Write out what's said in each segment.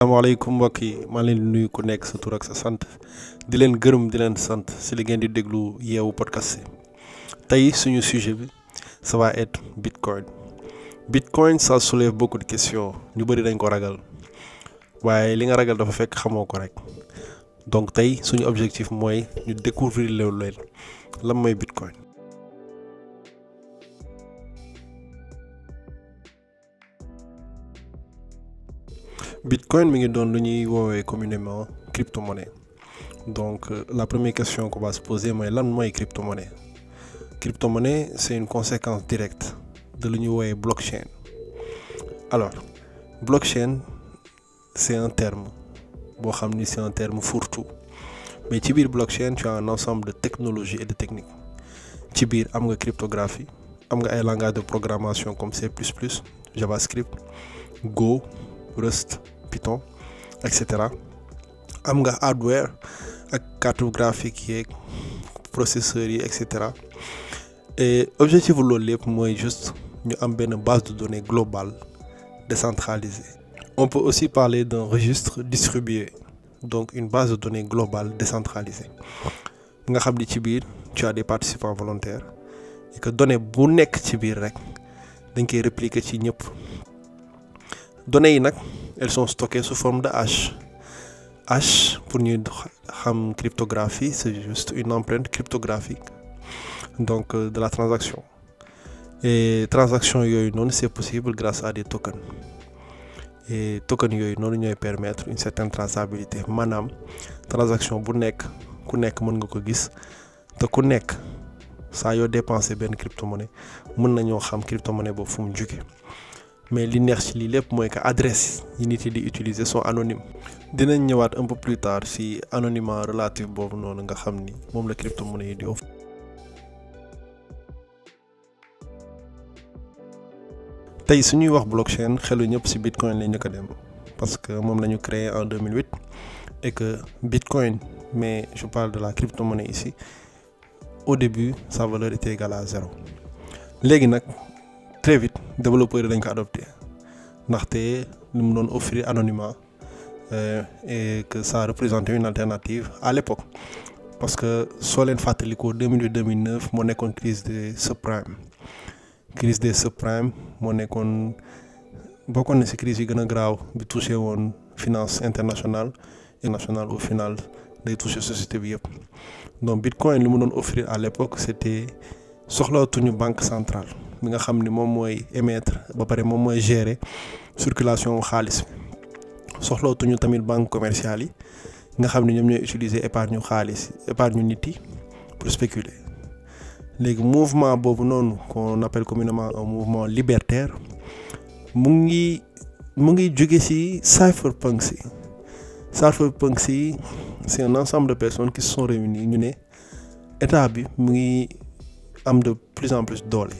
asalaamaaleykum mbokk yi maa leen di nuyu ku nekk sa tur ak sa sant di leen gërëm di leen sant si li ngeen di déglu yeewu podcast tey suñu sujet bi ça va être bitcoin bitcoin sa soulève bokkut question ñu bëri dañ ko ragal waaye li nga ragal dafa fekk xamoo ko rek donc tey suñu objectif mooy ñu découvrir loolu leen lan mooy bitcoin. Bitcoin mi ngi doon lu ñuy woowee communément crypto-monnaie donc euh, la première question qu'on se poser mooy lan mooy crypto-monnaie crypto-monnaie c'est une conséquence directe de lu ñuy woowee blockchain alors blockchain c'est terme boo xam ni c'est terme fourre mais ci biir blockchain tu as un de technologies et de techniques ci biir am nga cryptographie am nga ay langage de programmation comme C++, JavaScript, Go Rust Python et cetera am nga hardware ak carte graphique yeeg processeurs yi et cetera et objectif loolu lépp mooy juste ñu am benn base de données globale décentralisée. On peut aussi parler d'un registre distribué donc une base de données globale décentralisée nga xam ni ci biir tu as des participants volontaires et que données bu nekk ci biir rek dañ koy répliquer ci ñëpp. données yi nag elles sont stockées sous forme de hash hash pour ñuy xam cryptographie c'est juste une empreinte cryptographique donc euh, de la transaction et transaction yooyu noonu c'est possible grâce à des tokens et token yooyu noonu ñooy permettre une certaine traçabilité maanaam transaction bu nekk ku nekk mën nga ko gis te ku nekk saa yoo dépensé benn cryptomonnaie mën nañoo xam cryptomonnaie boobu fu mu jóge mais li neex ci lii lépp mooy que adresse yi nit yi di utiliser so anonymes dinañ ñëwaat un peu plus tard ci anonymat relatif boobu noonu nga xam ni moom la crypto-monnaie yi di offre tey su wax blockchain xelu ñëpp ci bitcoin la ñu ko dem parce que moom la ñu créé en 2008 et que bitcoin mais je parle de la crypto-monnaie ici au début sa valeur était égale à léegi nag. très vite développeurs dañ ko adopté ndaxte lu mu doon offrir anonymat euh, et que ça représentait une alternative à l'époque parce que soo leen fàttalikoo 2008 2009 moo nekkoon crise des subprimes crise des subprimes moo nekkoon bokkoon na ci crise yi gën a graaw bi touché woon finance internationale et nationale au final day touché société bi yëpp donc bitcoin li mu doon offrir à l'époque c'était soxlaatuñu banque centrale mi nga xam ni moom mooy émettre ba pare moom mooy gérer circulation wu xaalis soxlootuñu tamit banque commerciale yi nga xam ni ñoom ñooy utiliser épargne xaalis épargne nit yi pour spéculer léegi mouvement boobu noonu qu'on appelle communément un mouvement libertaire mu ngi mu ngi jóge ci cypherpunks yi cypherpunks si c'est un ensemble de personnes qui se sont réunies ñu ne état bi mu ngi am de plus en plus doole.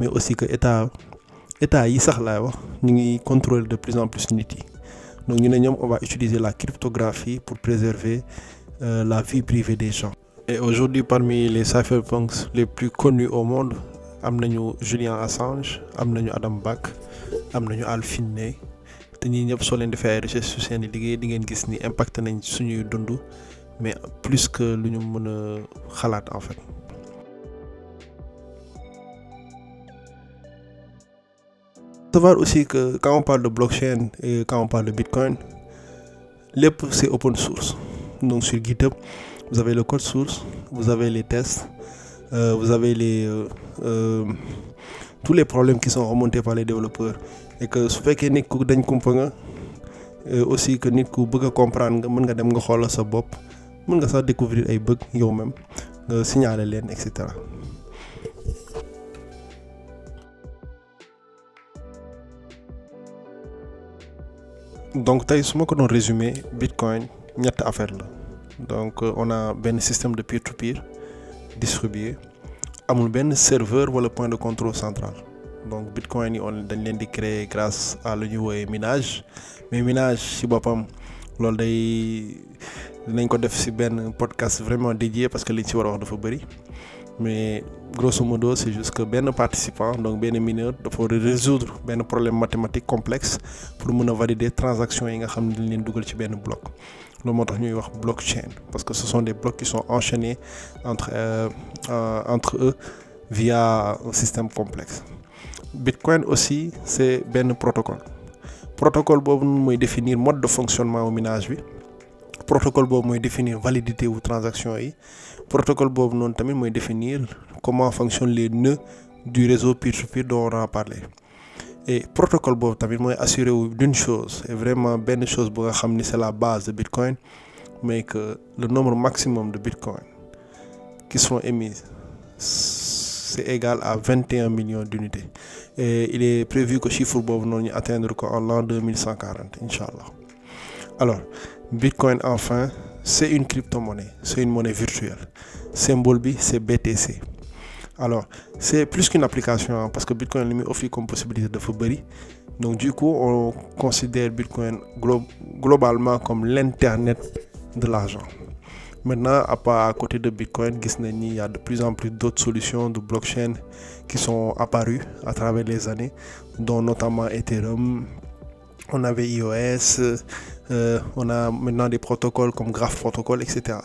mais aussi que état état yi sax laay wax ñu ngi contrôler de plus en plus nit yi donc ñu ne ñoom on va utiliser la cryptographie pour préserver euh, la vie privée des gens. et aujourd'hui parmi les cypherpunks les plus connus au monde am na ñu Julian Assange am na ñu Adam Back am nañu Al Finney te ñii ñëpp soo leen defee ay su seen liggéey di ngeen gis ni impacté nañ suñuy dund mais plus que lu ñu mën a xalaat en fait. savoir aussi que quand on parle de blockchain et quand on parle de Bitcoin lépp c'est open source donc sur GitHub vous avez le code source vous avez les tests euh, vous avez les euh, euh, tous les problèmes qui sont remontés par les développeurs et que su fekkee nit ku dañ kumpa nga euh, aussi que nit ku bëgg a comprendre nga mën nga dem nga xoolal sa bopp mën nga sax découvrir ay bëgg yow même nga signaler leen et cetera. donc tey su ma ko doon résumé bitcoin ñett affaire la donc euh, on a benn système de peer to peer distribué amul benn serveur wala point de contrôle central donc bitcoin yi on dañ leen di créer grâce à lu ñuy woowee minage mais minage ci boppam loolu day dinañ ko def ci benn podcast vraiment dédié parce que liñ ci war a wax dafa bëri. mais grosso modo c'est juste que benn participant donc benn mineur dafa war résoudre benn problème mathématique complexe pour mun a varider transaction yi nga xam ne dañ leen dugal ci benn bloc loolu moo tax ñuy wax blockchain parce que ce sont des blocs qui sont enchaînés entre euh, eux via un système complexe Bitcoin aussi c'est benn protocole protocole boobu mooy définir mode de fonctionnement au minage bi. protocole boobu mooy définir validité wu transaction yi protocole boobu noonu tamit mooy définir comment fonctionnent les nœuds du réseau peer-to-peer dont on a parlé et protocole boobu tamit mooy assuré wu d'une chose et vraiment benn chose bu nga xam ni c'est la base de Bitcoin mais que le nombre maximum de Bitcoin qui sont émis c'est égal à 21 millions d'unités et il est prévu que chiffre boobu noonu ñu atteindre ko en l'an 2140 incha allah alors Bitcoin enfin c'est une crypto-monnaie c'est une monnaie virtuelle symbole bi c'est BTC alors c'est plus qu'une application parce que Bitcoin li muy comme possibilité dafa bëri donc du coup on considère Bitcoin glo globalement comme l'internet de l'argent maintenant à part à côté de Bitcoin gis nañ ni y a de plus en plus d'autres solutions de blockchain qui sont apparues à travers les années dont notamment Ethereum on avait iOS Euh, on a de des protocoles comme Graph Protocol, etc.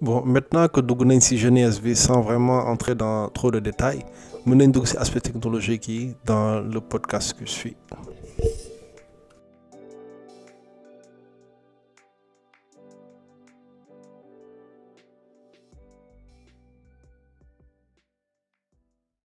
bon maintenant que dugg nañ ci jeunesse bi sans vraiment entrer dans trop de détails mën nañ dugg ci aspect technologique yi dans le podcast que je suis